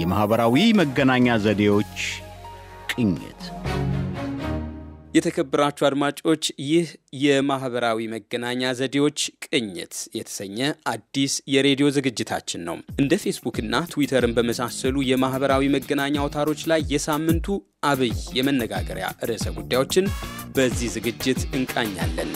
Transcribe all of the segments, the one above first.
የማኅበራዊ መገናኛ ዘዴዎች ቅኝት። የተከበራችሁ አድማጮች ይህ የማህበራዊ መገናኛ ዘዴዎች ቅኝት የተሰኘ አዲስ የሬዲዮ ዝግጅታችን ነው። እንደ ፌስቡክና ትዊተርን በመሳሰሉ የማህበራዊ መገናኛ አውታሮች ላይ የሳምንቱ አብይ የመነጋገሪያ ርዕሰ ጉዳዮችን በዚህ ዝግጅት እንቃኛለን።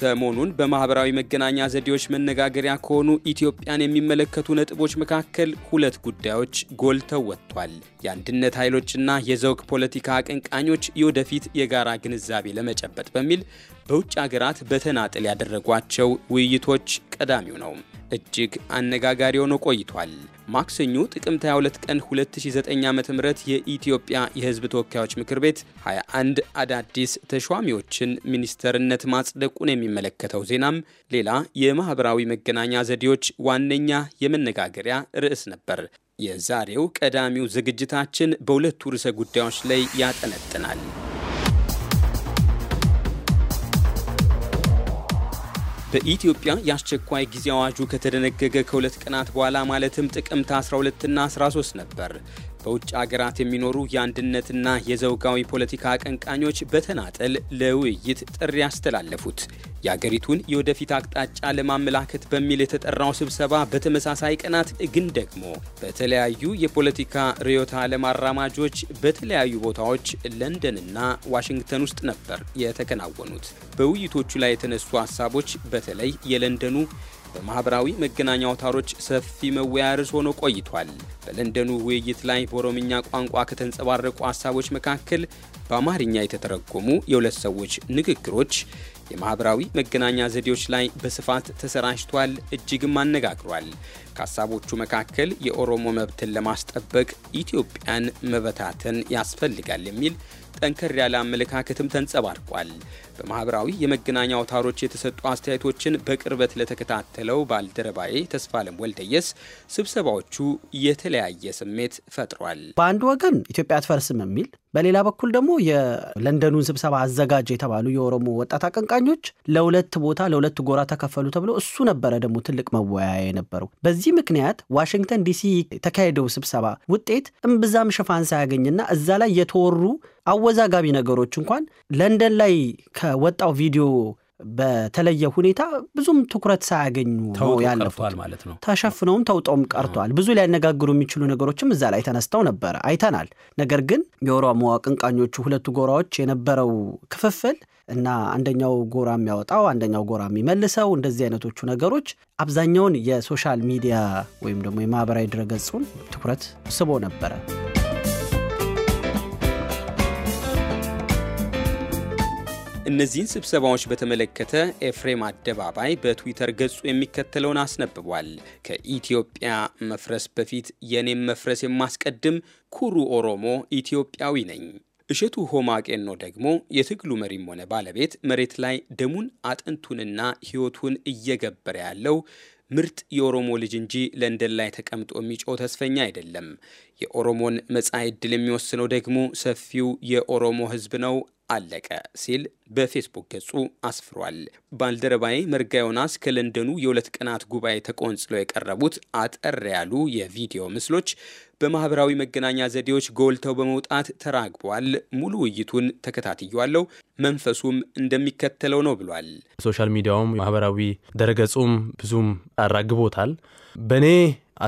ሰሞኑን በማህበራዊ መገናኛ ዘዴዎች መነጋገሪያ ከሆኑ ኢትዮጵያን የሚመለከቱ ነጥቦች መካከል ሁለት ጉዳዮች ጎልተው ወጥቷል። የአንድነት ኃይሎችና የዘውግ ፖለቲካ አቀንቃኞች የወደፊት የጋራ ግንዛቤ ለመጨበጥ በሚል በውጭ ሀገራት በተናጥል ያደረጓቸው ውይይቶች ቀዳሚው ነው። እጅግ አነጋጋሪ ሆኖ ቆይቷል። ማክሰኞ ጥቅምት 22 ቀን 2009 ዓ ም የኢትዮጵያ የሕዝብ ተወካዮች ምክር ቤት 21 አዳዲስ ተሿሚዎችን ሚኒስተርነት ማጽደቁን የሚመለከተው ዜናም ሌላ የማኅበራዊ መገናኛ ዘዴዎች ዋነኛ የመነጋገሪያ ርዕስ ነበር። የዛሬው ቀዳሚው ዝግጅታችን በሁለቱ ርዕሰ ጉዳዮች ላይ ያጠነጥናል። በኢትዮጵያ የአስቸኳይ ጊዜ አዋጁ ከተደነገገ ከሁለት ቀናት በኋላ ማለትም ጥቅምት 12ና 13 ነበር በውጭ አገራት የሚኖሩ የአንድነትና የዘውጋዊ ፖለቲካ አቀንቃኞች በተናጠል ለውይይት ጥሪ ያስተላለፉት የአገሪቱን የወደፊት አቅጣጫ ለማመላከት በሚል የተጠራው ስብሰባ በተመሳሳይ ቀናት ግን ደግሞ በተለያዩ የፖለቲካ ርዕዮተ ዓለም አራማጆች በተለያዩ ቦታዎች ለንደንና ዋሽንግተን ውስጥ ነበር የተከናወኑት። በውይይቶቹ ላይ የተነሱ ሀሳቦች በተለይ የለንደኑ በማኅበራዊ መገናኛ አውታሮች ሰፊ መወያ ርዕስ ሆኖ ቆይቷል። በለንደኑ ውይይት ላይ በኦሮምኛ ቋንቋ ከተንጸባረቁ ሀሳቦች መካከል በአማርኛ የተተረጎሙ የሁለት ሰዎች ንግግሮች የማኅበራዊ መገናኛ ዘዴዎች ላይ በስፋት ተሰራጭቷል፣ እጅግም አነጋግሯል። ከሀሳቦቹ መካከል የኦሮሞ መብትን ለማስጠበቅ ኢትዮጵያን መበታተን ያስፈልጋል የሚል ጠንከር ያለ አመለካከትም ተንጸባርቋል። በማህበራዊ የመገናኛ አውታሮች የተሰጡ አስተያየቶችን በቅርበት ለተከታተለው ባልደረባዬ ተስፋለም ወልደየስ ስብሰባዎቹ የተለያየ ስሜት ፈጥሯል። በአንድ ወገን ኢትዮጵያ አትፈርስም የሚል በሌላ በኩል ደግሞ የለንደኑን ስብሰባ አዘጋጅ የተባሉ የኦሮሞ ወጣት አቀንቃኞች ለሁለት ቦታ ለሁለት ጎራ ተከፈሉ ተብሎ እሱ ነበረ ደግሞ ትልቅ መወያያ የነበረው። በዚህ ምክንያት ዋሽንግተን ዲሲ የተካሄደው ስብሰባ ውጤት እምብዛም ሽፋን ሳያገኝና እዛ ላይ የተወሩ አወዛጋቢ ነገሮች እንኳን ለንደን ላይ ከ ከወጣው ቪዲዮ በተለየ ሁኔታ ብዙም ትኩረት ሳያገኙ ያለፉት ማለት ነው። ተሸፍነውም ተውጠውም ቀርቷል ብዙ ሊያነጋግሩ የሚችሉ ነገሮችም እዛ ላይ ተነስተው ነበረ አይተናል። ነገር ግን የኦሮሞ አቀንቃኞቹ ሁለቱ ጎራዎች የነበረው ክፍፍል እና አንደኛው ጎራ የሚያወጣው አንደኛው ጎራ የሚመልሰው እንደዚህ አይነቶቹ ነገሮች አብዛኛውን የሶሻል ሚዲያ ወይም ደግሞ የማህበራዊ ድረገጹን ትኩረት ስቦ ነበረ። እነዚህን ስብሰባዎች በተመለከተ ኤፍሬም አደባባይ በትዊተር ገጹ የሚከተለውን አስነብቧል። ከኢትዮጵያ መፍረስ በፊት የኔም መፍረስ የማስቀድም ኩሩ ኦሮሞ ኢትዮጵያዊ ነኝ። እሸቱ ሆማቄኖ ደግሞ የትግሉ መሪም ሆነ ባለቤት መሬት ላይ ደሙን አጥንቱንና ሕይወቱን እየገበረ ያለው ምርጥ የኦሮሞ ልጅ እንጂ ለንደን ላይ ተቀምጦ የሚጮው ተስፈኛ አይደለም። የኦሮሞን መጻኢ ዕድል የሚወስነው ደግሞ ሰፊው የኦሮሞ ሕዝብ ነው። አለቀ ሲል በፌስቡክ ገጹ አስፍሯል። ባልደረባዬ መርጋ ዮናስ ከለንደኑ የሁለት ቀናት ጉባኤ ተቆንጽለው የቀረቡት አጠር ያሉ የቪዲዮ ምስሎች በማህበራዊ መገናኛ ዘዴዎች ጎልተው በመውጣት ተራግቧል። ሙሉ ውይይቱን ተከታትያለሁ። መንፈሱም እንደሚከተለው ነው ብሏል። ሶሻል ሚዲያውም ማህበራዊ ደረገጹም ብዙም አራግቦታል። በእኔ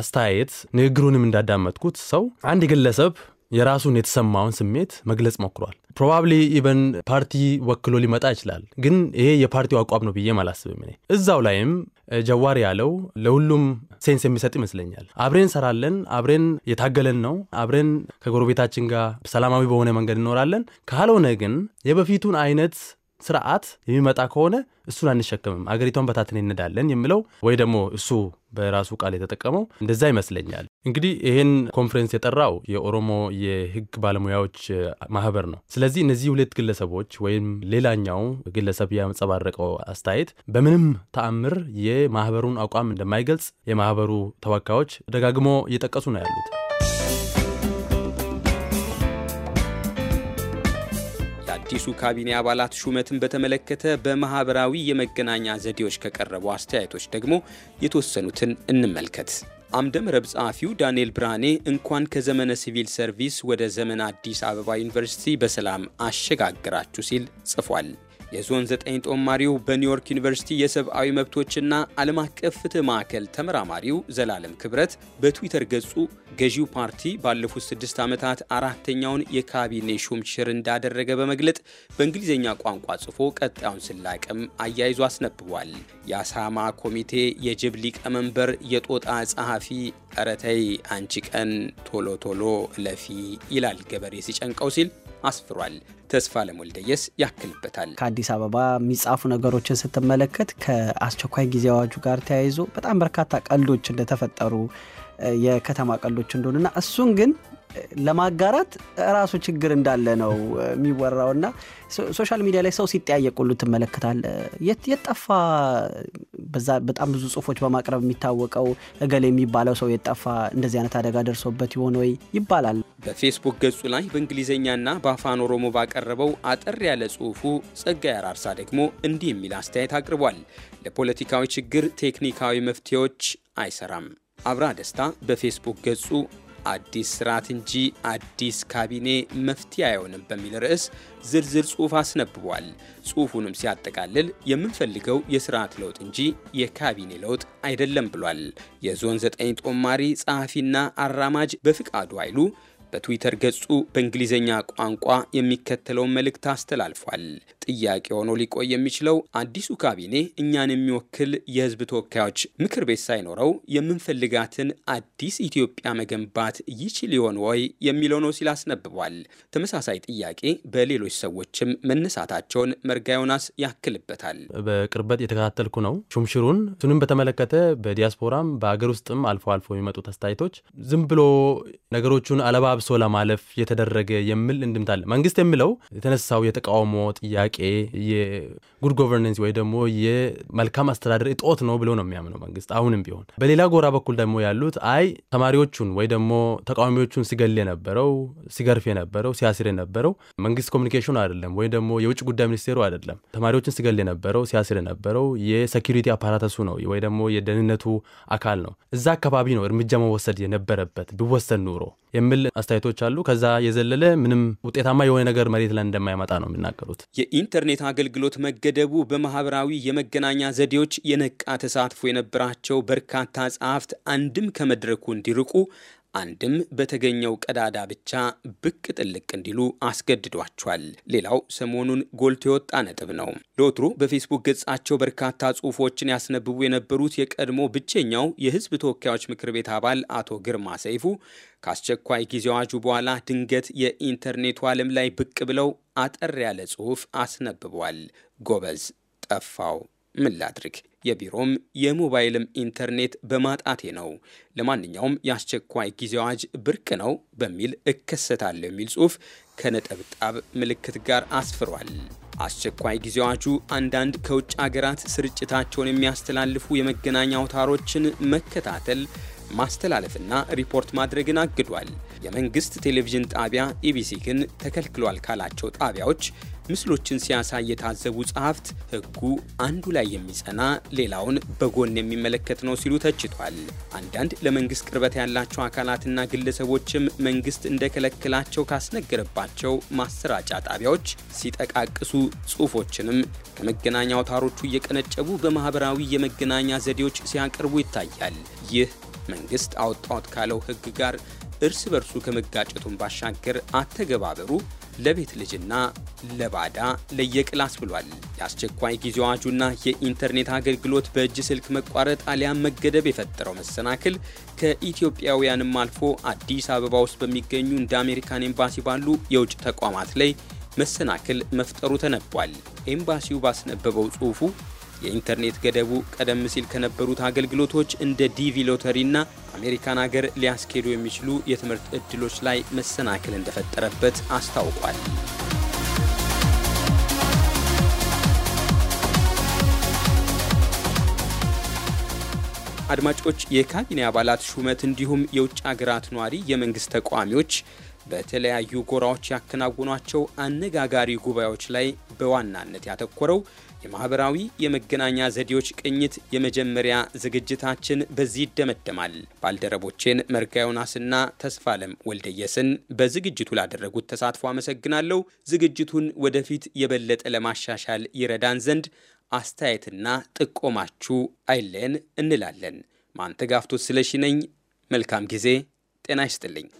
አስተያየት ንግግሩንም እንዳዳመጥኩት ሰው አንድ ግለሰብ የራሱን የተሰማውን ስሜት መግለጽ ሞክሯል። ፕሮባብሊ ኢቨን ፓርቲ ወክሎ ሊመጣ ይችላል። ግን ይሄ የፓርቲው አቋም ነው ብዬም አላስብም። እኔ እዛው ላይም ጀዋር ያለው ለሁሉም ሴንስ የሚሰጥ ይመስለኛል። አብሬን እንሰራለን፣ አብሬን የታገለን ነው፣ አብሬን ከጎረቤታችን ጋር ሰላማዊ በሆነ መንገድ እንኖራለን። ካልሆነ ግን የበፊቱን አይነት ስርዓት የሚመጣ ከሆነ እሱን አንሸክምም አገሪቷን በታትን እንዳለን የሚለው ወይ ደግሞ እሱ በራሱ ቃል የተጠቀመው እንደዛ ይመስለኛል። እንግዲህ ይህን ኮንፈረንስ የጠራው የኦሮሞ የህግ ባለሙያዎች ማህበር ነው። ስለዚህ እነዚህ ሁለት ግለሰቦች ወይም ሌላኛው ግለሰብ ያንጸባረቀው አስተያየት በምንም ተአምር የማህበሩን አቋም እንደማይገልጽ የማህበሩ ተወካዮች ደጋግሞ እየጠቀሱ ነው ያሉት። የአዲሱ ካቢኔ አባላት ሹመትን በተመለከተ በማህበራዊ የመገናኛ ዘዴዎች ከቀረቡ አስተያየቶች ደግሞ የተወሰኑትን እንመልከት። አምደምረብ ጸሐፊው ዳንኤል ብርሃኔ እንኳን ከዘመነ ሲቪል ሰርቪስ ወደ ዘመን አዲስ አበባ ዩኒቨርሲቲ በሰላም አሸጋግራችሁ ሲል ጽፏል። የዞን ዘጠኝ ጦማሪው በኒውዮርክ ዩኒቨርሲቲ የሰብአዊ መብቶችና ዓለም አቀፍ ፍትህ ማዕከል ተመራማሪው ዘላለም ክብረት በትዊተር ገጹ ገዢው ፓርቲ ባለፉት ስድስት ዓመታት አራተኛውን የካቢኔ ሹም ሽር እንዳደረገ በመግለጥ በእንግሊዝኛ ቋንቋ ጽፎ ቀጣዩን ስላቅም አያይዞ አስነብቧል። የአሳማ ኮሚቴ የጅብ ሊቀመንበር፣ የጦጣ ጸሐፊ እረተይ አንቺ ቀን ቶሎ ቶሎ ለፊ ይላል ገበሬ ሲጨንቀው ሲል አስፍሯል። ተስፋ ለሞልደየስ ያክልበታል። ከአዲስ አበባ የሚጻፉ ነገሮችን ስትመለከት ከአስቸኳይ ጊዜ አዋጁ ጋር ተያይዞ በጣም በርካታ ቀልዶች እንደተፈጠሩ የከተማ ቀልዶች እንደሆኑና እሱን ግን ለማጋራት ራሱ ችግር እንዳለ ነው የሚወራው እና ሶሻል ሚዲያ ላይ ሰው ሲጠያየቅ ሁሉ ትመለከታል። የት በዛ በጣም ብዙ ጽሁፎች በማቅረብ የሚታወቀው እገሌ የሚባለው ሰው የጠፋ እንደዚህ አይነት አደጋ ደርሶበት ይሆን ወይ ይባላል። በፌስቡክ ገጹ ላይ በእንግሊዝኛና በአፋን ኦሮሞ ባቀረበው አጠር ያለ ጽሁፉ ጸጋይ አራርሳ ደግሞ እንዲህ የሚል አስተያየት አቅርቧል። ለፖለቲካዊ ችግር ቴክኒካዊ መፍትሄዎች አይሰራም። አብራ ደስታ በፌስቡክ ገጹ አዲስ ስርዓት እንጂ አዲስ ካቢኔ መፍትሄ አይሆንም በሚል ርዕስ ዝርዝር ጽሑፍ አስነብቧል። ጽሑፉንም ሲያጠቃልል የምንፈልገው የስርዓት ለውጥ እንጂ የካቢኔ ለውጥ አይደለም ብሏል። የዞን ዘጠኝ ጦማሪ ጸሐፊና አራማጅ በፍቃዱ ኃይሉ በትዊተር ገጹ በእንግሊዝኛ ቋንቋ የሚከተለውን መልእክት አስተላልፏል። ጥያቄ ሆኖ ሊቆይ የሚችለው አዲሱ ካቢኔ እኛን የሚወክል የህዝብ ተወካዮች ምክር ቤት ሳይኖረው የምንፈልጋትን አዲስ ኢትዮጵያ መገንባት ይችል ይሆን ወይ የሚለው ነው ሲል አስነብቧል። ተመሳሳይ ጥያቄ በሌሎች ሰዎችም መነሳታቸውን መርጋ ዮናስ ያክልበታል። በቅርበት የተከታተልኩ ነው ሹምሽሩን። እሱንም በተመለከተ በዲያስፖራም በአገር ውስጥም አልፎ አልፎ የሚመጡት አስተያየቶች ዝም ብሎ ነገሮቹን አለባብሶ ለማለፍ የተደረገ የሚል እንድምታለ መንግስት የሚለው የተነሳው የተቃውሞ ጥያቄ ጥያቄ የጉድ ጎቨርነንስ ወይ ደግሞ የመልካም አስተዳደር እጦት ነው ብሎ ነው የሚያምነው መንግስት አሁንም ቢሆን። በሌላ ጎራ በኩል ደግሞ ያሉት አይ ተማሪዎቹን ወይ ደግሞ ተቃዋሚዎቹን ሲገል የነበረው ሲገርፍ የነበረው ሲያስር የነበረው መንግስት ኮሚኒኬሽኑ አይደለም ወይ ደግሞ የውጭ ጉዳይ ሚኒስቴሩ አይደለም። ተማሪዎችን ሲገል የነበረው ሲያስር የነበረው የሴኪሪቲ አፓራተሱ ነው ወይ ደግሞ የደህንነቱ አካል ነው። እዛ አካባቢ ነው እርምጃ መወሰድ የነበረበት ቢወሰድ ኑሮ የሚል አስተያየቶች አሉ። ከዛ የዘለለ ምንም ውጤታማ የሆነ ነገር መሬት ላይ እንደማይመጣ ነው የሚናገሩት። የኢንተርኔት አገልግሎት መገደቡ በማህበራዊ የመገናኛ ዘዴዎች የነቃ ተሳትፎ የነበራቸው በርካታ ጸሐፍት አንድም ከመድረኩ እንዲርቁ አንድም በተገኘው ቀዳዳ ብቻ ብቅ ጥልቅ እንዲሉ አስገድዷቸዋል። ሌላው ሰሞኑን ጎልቶ የወጣ ነጥብ ነው። ለወትሮ በፌስቡክ ገጻቸው በርካታ ጽሁፎችን ያስነብቡ የነበሩት የቀድሞ ብቸኛው የህዝብ ተወካዮች ምክር ቤት አባል አቶ ግርማ ሰይፉ ከአስቸኳይ ጊዜ አዋጁ በኋላ ድንገት የኢንተርኔቱ ዓለም ላይ ብቅ ብለው አጠር ያለ ጽሁፍ አስነብቧል። ጎበዝ ጠፋው ምን ላድርግ የቢሮም የሞባይልም ኢንተርኔት በማጣቴ ነው። ለማንኛውም የአስቸኳይ ጊዜ አዋጅ ብርቅ ነው በሚል እከሰታለሁ የሚል ጽሑፍ ከነጠብጣብ ምልክት ጋር አስፍሯል። አስቸኳይ ጊዜ አዋጁ አንዳንድ ከውጭ አገራት ስርጭታቸውን የሚያስተላልፉ የመገናኛ አውታሮችን መከታተል ማስተላለፍና ሪፖርት ማድረግን አግዷል። የመንግስት ቴሌቪዥን ጣቢያ ኢቢሲ ግን ተከልክሏል ካላቸው ጣቢያዎች ምስሎችን ሲያሳይ የታዘቡ ጸሐፍት ህጉ አንዱ ላይ የሚጸና ሌላውን በጎን የሚመለከት ነው ሲሉ ተችቷል። አንዳንድ ለመንግስት ቅርበት ያላቸው አካላትና ግለሰቦችም መንግስት እንደከለከላቸው ካስነገረባቸው ማሰራጫ ጣቢያዎች ሲጠቃቅሱ ጽሁፎችንም ከመገናኛ አውታሮቹ እየቀነጨቡ በማህበራዊ የመገናኛ ዘዴዎች ሲያቀርቡ ይታያል። ይህ መንግስት አውጣውት ካለው ህግ ጋር እርስ በርሱ ከመጋጨቱን ባሻገር አተገባበሩ ለቤት ልጅና ለባዳ ለየቅላስ ብሏል። የአስቸኳይ ጊዜ አዋጁና የኢንተርኔት አገልግሎት በእጅ ስልክ መቋረጥ አሊያም መገደብ የፈጠረው መሰናክል ከኢትዮጵያውያንም አልፎ አዲስ አበባ ውስጥ በሚገኙ እንደ አሜሪካን ኤምባሲ ባሉ የውጭ ተቋማት ላይ መሰናክል መፍጠሩ ተነቧል። ኤምባሲው ባስነበበው ጽሑፉ የኢንተርኔት ገደቡ ቀደም ሲል ከነበሩት አገልግሎቶች እንደ ዲቪ ሎተሪና አሜሪካን አገር ሊያስኬዱ የሚችሉ የትምህርት እድሎች ላይ መሰናክል እንደፈጠረበት አስታውቋል። አድማጮች፣ የካቢኔ አባላት ሹመት እንዲሁም የውጭ አገራት ነዋሪ የመንግስት ተቋሚዎች በተለያዩ ጎራዎች ያከናውኗቸው አነጋጋሪ ጉባኤዎች ላይ በዋናነት ያተኮረው የማኅበራዊ የመገናኛ ዘዴዎች ቅኝት የመጀመሪያ ዝግጅታችን በዚህ ይደመደማል። ባልደረቦቼን መርጋ ዮናስና ተስፋለም ወልደየስን በዝግጅቱ ላደረጉት ተሳትፎ አመሰግናለሁ። ዝግጅቱን ወደፊት የበለጠ ለማሻሻል ይረዳን ዘንድ አስተያየትና ጥቆማችሁ አይለን እንላለን። ማንተጋፍቶት ስለሺ ነኝ። መልካም ጊዜ። ጤና ይስጥልኝ።